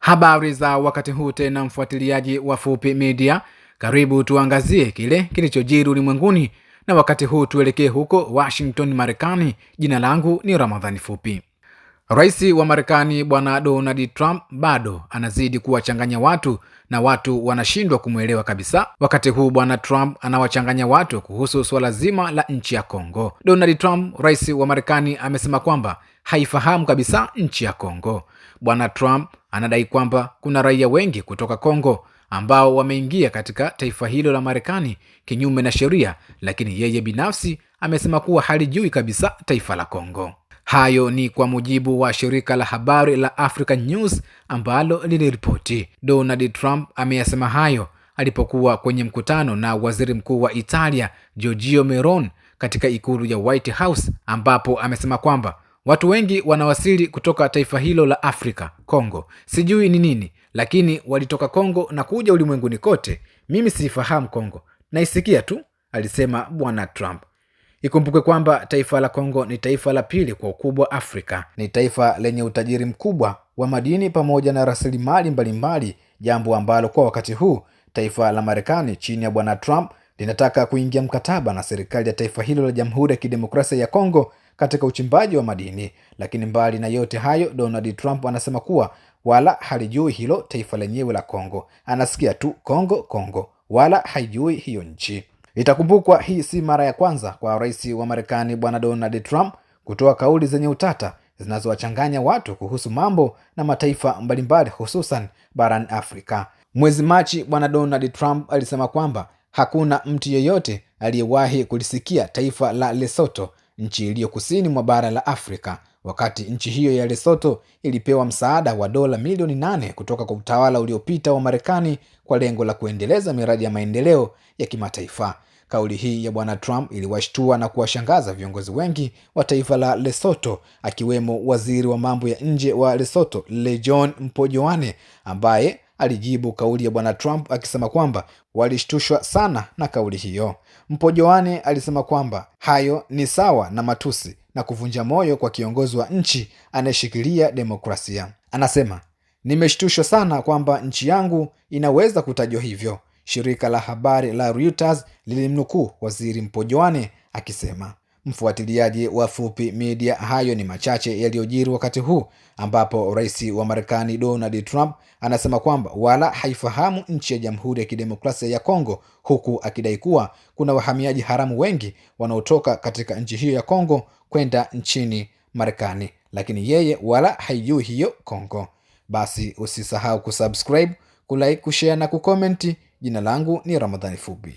Habari za wakati huu tena, mfuatiliaji wa Fupi Media, karibu tuangazie kile kilichojiri ulimwenguni, na wakati huu tuelekee huko Washington, Marekani. Jina langu ni Ramadhani Fupi. Rais wa Marekani Bwana Donald Trump bado anazidi kuwachanganya watu na watu wanashindwa kumwelewa kabisa. Wakati huu Bwana Trump anawachanganya watu kuhusu suala zima la nchi ya Kongo. Donald Trump, rais wa Marekani, amesema kwamba haifahamu kabisa nchi ya Kongo. Bwana Trump anadai kwamba kuna raia wengi kutoka Kongo ambao wameingia katika taifa hilo la Marekani kinyume na sheria, lakini yeye binafsi amesema kuwa halijui kabisa taifa la Kongo. Hayo ni kwa mujibu wa shirika la habari la Africa News ambalo liliripoti. Donald Trump ameyasema hayo alipokuwa kwenye mkutano na waziri mkuu wa Italia Giorgio Meloni katika ikulu ya White House, ambapo amesema kwamba watu wengi wanawasili kutoka taifa hilo la Afrika, Kongo, sijui ni nini, lakini walitoka Kongo na kuja ulimwenguni kote. Mimi siifahamu Kongo, naisikia tu, alisema Bwana Trump. Ikumbukwe kwamba taifa la Kongo ni taifa la pili kwa ukubwa Afrika. Ni taifa lenye utajiri mkubwa wa madini pamoja na rasilimali mbalimbali, jambo ambalo kwa wakati huu taifa la Marekani chini ya bwana Trump linataka kuingia mkataba na serikali ya taifa hilo la Jamhuri ya Kidemokrasia ya Kongo katika uchimbaji wa madini. Lakini mbali na yote hayo, Donald Trump anasema kuwa wala halijui hilo taifa lenyewe la Kongo, anasikia tu Kongo Kongo, wala haijui hiyo nchi. Itakumbukwa hii si mara ya kwanza kwa rais wa Marekani Bwana Donald Trump kutoa kauli zenye utata zinazowachanganya watu kuhusu mambo na mataifa mbalimbali hususan barani Afrika. Mwezi Machi, Bwana Donald Trump alisema kwamba hakuna mtu yeyote aliyewahi kulisikia taifa la Lesotho, nchi iliyo kusini mwa bara la Afrika, wakati nchi hiyo ya Lesotho ilipewa msaada wa dola milioni nane kutoka kwa utawala uliopita wa Marekani kwa lengo la kuendeleza miradi ya maendeleo ya kimataifa. Kauli hii ya Bwana Trump iliwashtua na kuwashangaza viongozi wengi wa taifa la Lesotho, akiwemo waziri wa mambo ya nje wa Lesotho Lejon Mpojoane ambaye alijibu kauli ya Bwana Trump akisema kwamba walishtushwa sana na kauli hiyo. Mpojoane alisema kwamba hayo ni sawa na matusi na kuvunja moyo kwa kiongozi wa nchi anayeshikilia demokrasia. Anasema, nimeshtushwa sana kwamba nchi yangu inaweza kutajwa hivyo. Shirika la habari la Reuters lilimnukuu waziri Mpojoane akisema mfuatiliaji wa Fupi Media. Hayo ni machache yaliyojiri wakati huu ambapo rais wa Marekani Donald Trump anasema kwamba wala haifahamu nchi ya Jamhuri ya Kidemokrasia ya Kongo, huku akidai kuwa kuna wahamiaji haramu wengi wanaotoka katika nchi hiyo ya Kongo kwenda nchini Marekani, lakini yeye wala haijui hiyo Kongo. Basi usisahau kusubscribe, kulike, kushare na kukomenti. Jina langu ni Ramadhani Fupi.